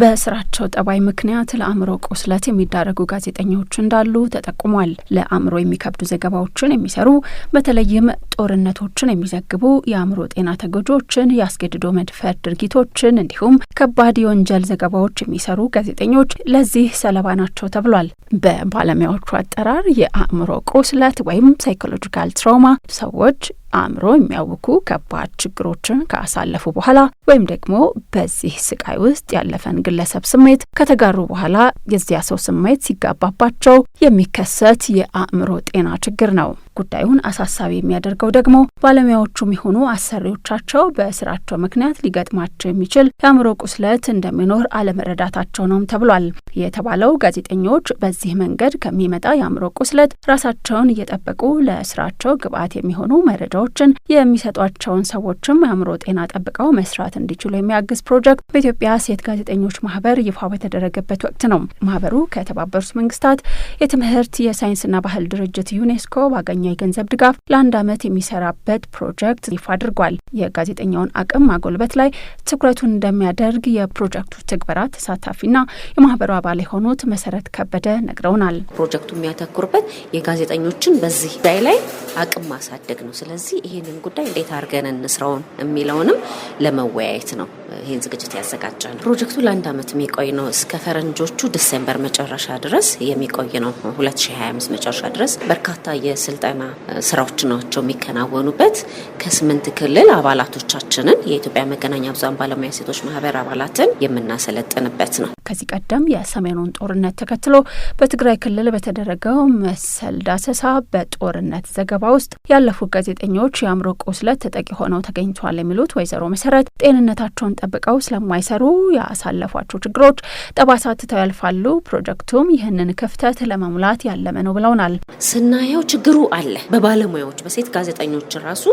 በስራቸው ጠባይ ምክንያት ለአእምሮ ቁስለት የሚዳረጉ ጋዜጠኞች እንዳሉ ተጠቁሟል። ለአእምሮ የሚከብዱ ዘገባዎችን የሚሰሩ በተለይም ጦርነቶችን የሚዘግቡ የአእምሮ ጤና ተጎጂዎችን፣ የአስገድዶ መድፈር ድርጊቶችን እንዲሁም ከባድ የወንጀል ዘገባዎች የሚሰሩ ጋዜጠኞች ለዚህ ሰለባ ናቸው ተብሏል። በባለሙያዎቹ አጠራር የአእምሮ ቁስለት ወይም ሳይኮሎጂካል ትራውማ ሰዎች አእምሮ የሚያውኩ ከባድ ችግሮችን ካሳለፉ በኋላ ወይም ደግሞ በዚህ ስቃይ ውስጥ ያለፈን ግለሰብ ስሜት ከተጋሩ በኋላ የዚያ ሰው ስሜት ሲጋባባቸው የሚከሰት የአእምሮ ጤና ችግር ነው። ጉዳዩን አሳሳቢ የሚያደርገው ደግሞ ባለሙያዎቹም የሆኑ አሰሪዎቻቸው በስራቸው ምክንያት ሊገጥማቸው የሚችል የአእምሮ ቁስለት እንደሚኖር አለመረዳታቸው ነውም ተብሏል። የተባለው ጋዜጠኞች በዚህ መንገድ ከሚመጣ የአእምሮ ቁስለት ራሳቸውን እየጠበቁ ለስራቸው ግብዓት የሚሆኑ መረጃዎችን የሚሰጧቸውን ሰዎችም የአእምሮ ጤና ጠብቀው መስራት እንዲችሉ የሚያግዝ ፕሮጀክት በኢትዮጵያ ሴት ጋዜጠኞች ማህበር ይፋ በተደረገበት ወቅት ነው። ማህበሩ ከተባበሩት መንግስታት የትምህርት የሳይንስና ባህል ድርጅት ዩኔስኮ ባገኘ የገንዘብ ድጋፍ ለአንድ ዓመት የሚሰራበት ፕሮጀክት ይፋ አድርጓል። የጋዜጠኛውን አቅም ማጎልበት ላይ ትኩረቱን እንደሚያደርግ የፕሮጀክቱ ትግበራ ተሳታፊና የማህበሩ አባል የሆኑት መሰረት ከበደ ነግረውናል። ፕሮጀክቱ የሚያተኩርበት የጋዜጠኞችን በዚህ ጉዳይ ላይ አቅም ማሳደግ ነው። ስለዚህ ይህንን ጉዳይ እንዴት አድርገን እንስራውን የሚለውንም ለመወያየት ነው ይህን ዝግጅት ያዘጋጀ ነው። ፕሮጀክቱ ለአንድ ዓመት የሚቆይ ነው። እስከ ፈረንጆቹ ዲሴምበር መጨረሻ ድረስ የሚቆይ ነው። 2025 መጨረሻ ድረስ በርካታ የስልጣ የስልጠና ስራዎች ናቸው የሚከናወኑበት። ከስምንት ክልል አባላቶቻችንን የኢትዮጵያ መገናኛ ብዙሃን ባለሙያ ሴቶች ማህበር አባላትን የምናሰለጥንበት ነው። ከዚህ ቀደም የሰሜኑን ጦርነት ተከትሎ በትግራይ ክልል በተደረገው መሰል ዳሰሳ በጦርነት ዘገባ ውስጥ ያለፉት ጋዜጠኞች የአእምሮ ቁስለት ተጠቂ ሆነው ተገኝተዋል የሚሉት ወይዘሮ መሰረት ጤንነታቸውን ጠብቀው ስለማይሰሩ ያሳለፏቸው ችግሮች ጠባሳ ትተው ያልፋሉ፣ ፕሮጀክቱም ይህንን ክፍተት ለመሙላት ያለመ ነው ብለውናል። ስናየው ችግሩ አለ። በባለሙያዎች በሴት ጋዜጠኞች ራሱ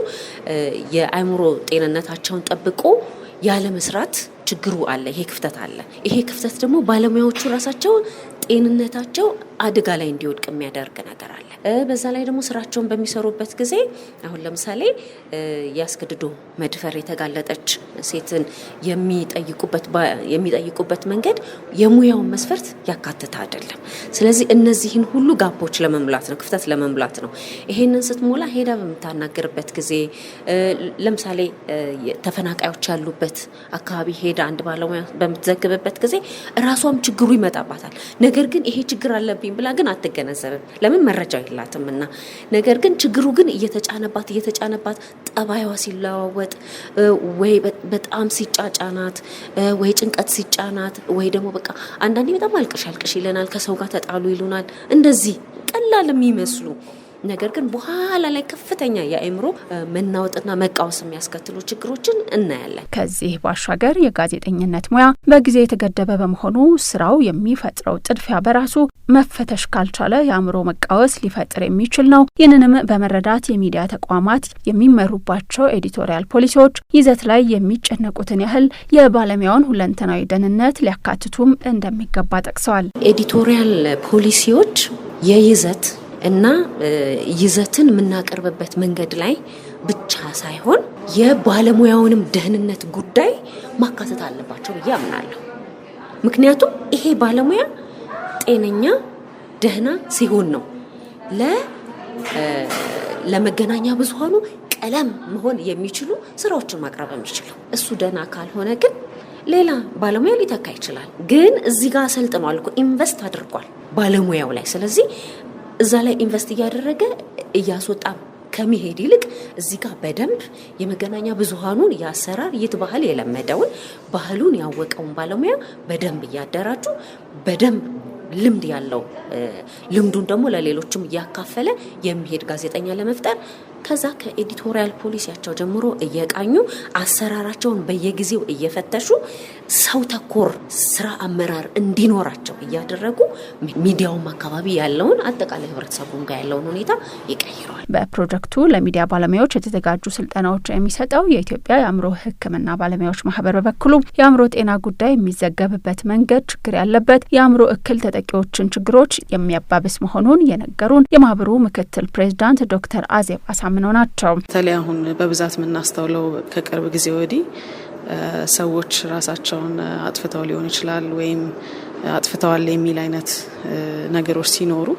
የአእምሮ ጤንነታቸውን ጠብቆ ያለ መስራት ችግሩ አለ፣ ይሄ ክፍተት አለ። ይሄ ክፍተት ደግሞ ባለሙያዎቹ ራሳቸው ጤንነታቸው አደጋ ላይ እንዲወድቅ የሚያደርግ ነገር አለ። በዛ ላይ ደግሞ ስራቸውን በሚሰሩበት ጊዜ አሁን ለምሳሌ የአስገድዶ መድፈር የተጋለጠች ሴትን የሚጠይቁበት መንገድ የሙያውን መስፈርት ያካተተ አይደለም። ስለዚህ እነዚህን ሁሉ ጋቦች ለመሙላት ነው፣ ክፍተት ለመሙላት ነው። ይሄንን ስትሞላ ሄዳ በምታናገርበት ጊዜ ለምሳሌ ተፈናቃዮች ያሉበት አካባቢ ሄ ወስዳ አንድ ባለሙያ በምትዘግብበት ጊዜ እራሷም ችግሩ ይመጣባታል። ነገር ግን ይሄ ችግር አለብኝ ብላ ግን አትገነዘብም። ለምን መረጃው የላትም እና ነገር ግን ችግሩ ግን እየተጫነባት እየተጫነባት ጠባይዋ ሲለዋወጥ ወይ በጣም ሲጫጫናት ወይ ጭንቀት ሲጫናት ወይ ደግሞ በቃ አንዳንዴ በጣም አልቅሽ አልቅሽ ይለናል። ከሰው ጋር ተጣሉ ይሉናል። እንደዚህ ቀላል የሚመስሉ ነገር ግን በኋላ ላይ ከፍተኛ የአእምሮ መናወጥና መቃወስ የሚያስከትሉ ችግሮችን እናያለን። ከዚህ ባሻገር የጋዜጠኝነት ሙያ በጊዜ የተገደበ በመሆኑ ስራው የሚፈጥረው ጥድፊያ በራሱ መፈተሽ ካልቻለ የአእምሮ መቃወስ ሊፈጥር የሚችል ነው። ይህንንም በመረዳት የሚዲያ ተቋማት የሚመሩባቸው ኤዲቶሪያል ፖሊሲዎች ይዘት ላይ የሚጨነቁትን ያህል የባለሙያውን ሁለንተናዊ ደህንነት ሊያካትቱም እንደሚገባ ጠቅሰዋል። ኤዲቶሪያል ፖሊሲዎች የይዘት እና ይዘትን የምናቀርብበት መንገድ ላይ ብቻ ሳይሆን የባለሙያውንም ደህንነት ጉዳይ ማካተት አለባቸው ብዬ አምናለሁ። ምክንያቱም ይሄ ባለሙያ ጤነኛ ደህና ሲሆን ነው ለመገናኛ ብዙሃኑ ቀለም መሆን የሚችሉ ስራዎችን ማቅረብ የሚችለው። እሱ ደህና ካልሆነ ግን ሌላ ባለሙያ ሊተካ ይችላል። ግን እዚህ ጋር እኮ ኢንቨስት አድርጓል ባለሙያው ላይ። ስለዚህ እዛ ላይ ኢንቨስት እያደረገ እያስወጣ ከሚሄድ ይልቅ እዚህ ጋር በደንብ የመገናኛ ብዙሃኑን የአሰራር ይት ባህል የለመደውን ባህሉን ያወቀውን ባለሙያ በደንብ እያደራጁ በደንብ ልምድ ያለው ልምዱን ደግሞ ለሌሎችም እያካፈለ የሚሄድ ጋዜጠኛ ለመፍጠር ከዛ ከኤዲቶሪያል ፖሊሲያቸው ጀምሮ እየቃኙ አሰራራቸውን በየጊዜው እየፈተሹ ሰው ተኮር ስራ አመራር እንዲኖራቸው እያደረጉ ሚዲያውም አካባቢ ያለውን አጠቃላይ ህብረተሰቡን ጋር ያለውን ሁኔታ ይቀይረዋል። በፕሮጀክቱ ለሚዲያ ባለሙያዎች የተዘጋጁ ስልጠናዎች የሚሰጠው የኢትዮጵያ የአእምሮ ሕክምና ባለሙያዎች ማህበር በበኩሉ የአእምሮ ጤና ጉዳይ የሚዘገብበት መንገድ ችግር ያለበት የአእምሮ እክል ተጠቂዎችን ችግሮች የሚያባብስ መሆኑን የነገሩን የማህበሩ ምክትል ፕሬዚዳንት ዶክተር አዜብ አሳም አለምነው ናቸው። በተለይ አሁን በብዛት የምናስተውለው ከቅርብ ጊዜ ወዲህ ሰዎች ራሳቸውን አጥፍተው ሊሆን ይችላል ወይም አጥፍተዋል የሚል አይነት ነገሮች ሲኖሩ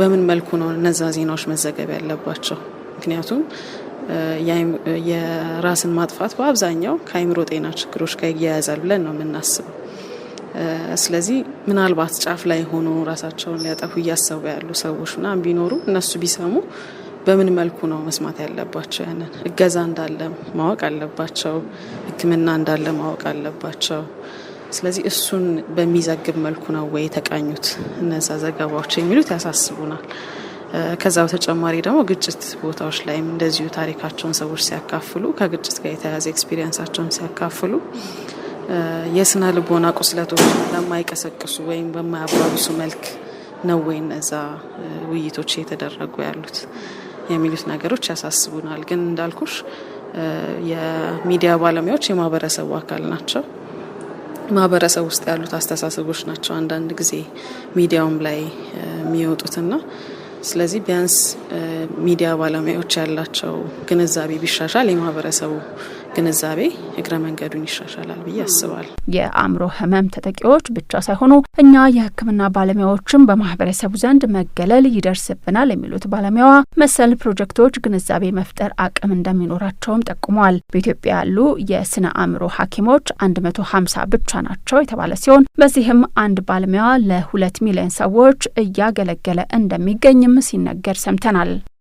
በምን መልኩ ነው እነዛ ዜናዎች መዘገብ ያለባቸው? ምክንያቱም የራስን ማጥፋት በአብዛኛው ከአይምሮ ጤና ችግሮች ጋር ይያያዛል ብለን ነው የምናስበው። ስለዚህ ምናልባት ጫፍ ላይ ሆኖ ራሳቸውን ሊያጠፉ እያሰቡ ያሉ ሰዎች ምናምን ቢኖሩ እነሱ ቢሰሙ በምን መልኩ ነው መስማት ያለባቸው? ያንን እገዛ እንዳለ ማወቅ አለባቸው። ሕክምና እንዳለ ማወቅ አለባቸው። ስለዚህ እሱን በሚዘግብ መልኩ ነው ወይ የተቃኙት እነዛ ዘገባዎች የሚሉት ያሳስቡናል። ከዛ በተጨማሪ ደግሞ ግጭት ቦታዎች ላይም እንደዚሁ ታሪካቸውን ሰዎች ሲያካፍሉ፣ ከግጭት ጋር የተያያዘ ኤክስፒሪየንሳቸውን ሲያካፍሉ የስነ ልቦና ቁስለቶች በማይቀሰቅሱ ወይም በማያባብሱ መልክ ነው ወይ እነዛ ውይይቶች እየተደረጉ ያሉት? የሚሉት ነገሮች ያሳስቡናል። ግን እንዳልኩሽ የሚዲያ ባለሙያዎች የማህበረሰቡ አካል ናቸው። ማህበረሰብ ውስጥ ያሉት አስተሳሰቦች ናቸው አንዳንድ ጊዜ ሚዲያውም ላይ የሚወጡትና ስለዚህ ቢያንስ ሚዲያ ባለሙያዎች ያላቸው ግንዛቤ ቢሻሻል የማህበረሰቡ ግንዛቤ እግረ መንገዱን ይሻሻላል ብዬ አስባል። የአእምሮ ህመም ተጠቂዎች ብቻ ሳይሆኑ እኛ የህክምና ባለሙያዎችም በማህበረሰቡ ዘንድ መገለል ይደርስብናል የሚሉት ባለሙያዋ መሰል ፕሮጀክቶች ግንዛቤ መፍጠር አቅም እንደሚኖራቸውም ጠቁመዋል። በኢትዮጵያ ያሉ የስነ አእምሮ ሐኪሞች 150 ብቻ ናቸው የተባለ ሲሆን በዚህም አንድ ባለሙያ ለሁለት ሚሊዮን ሰዎች እያገለገለ እንደሚገኝም ሲነገር ሰምተናል።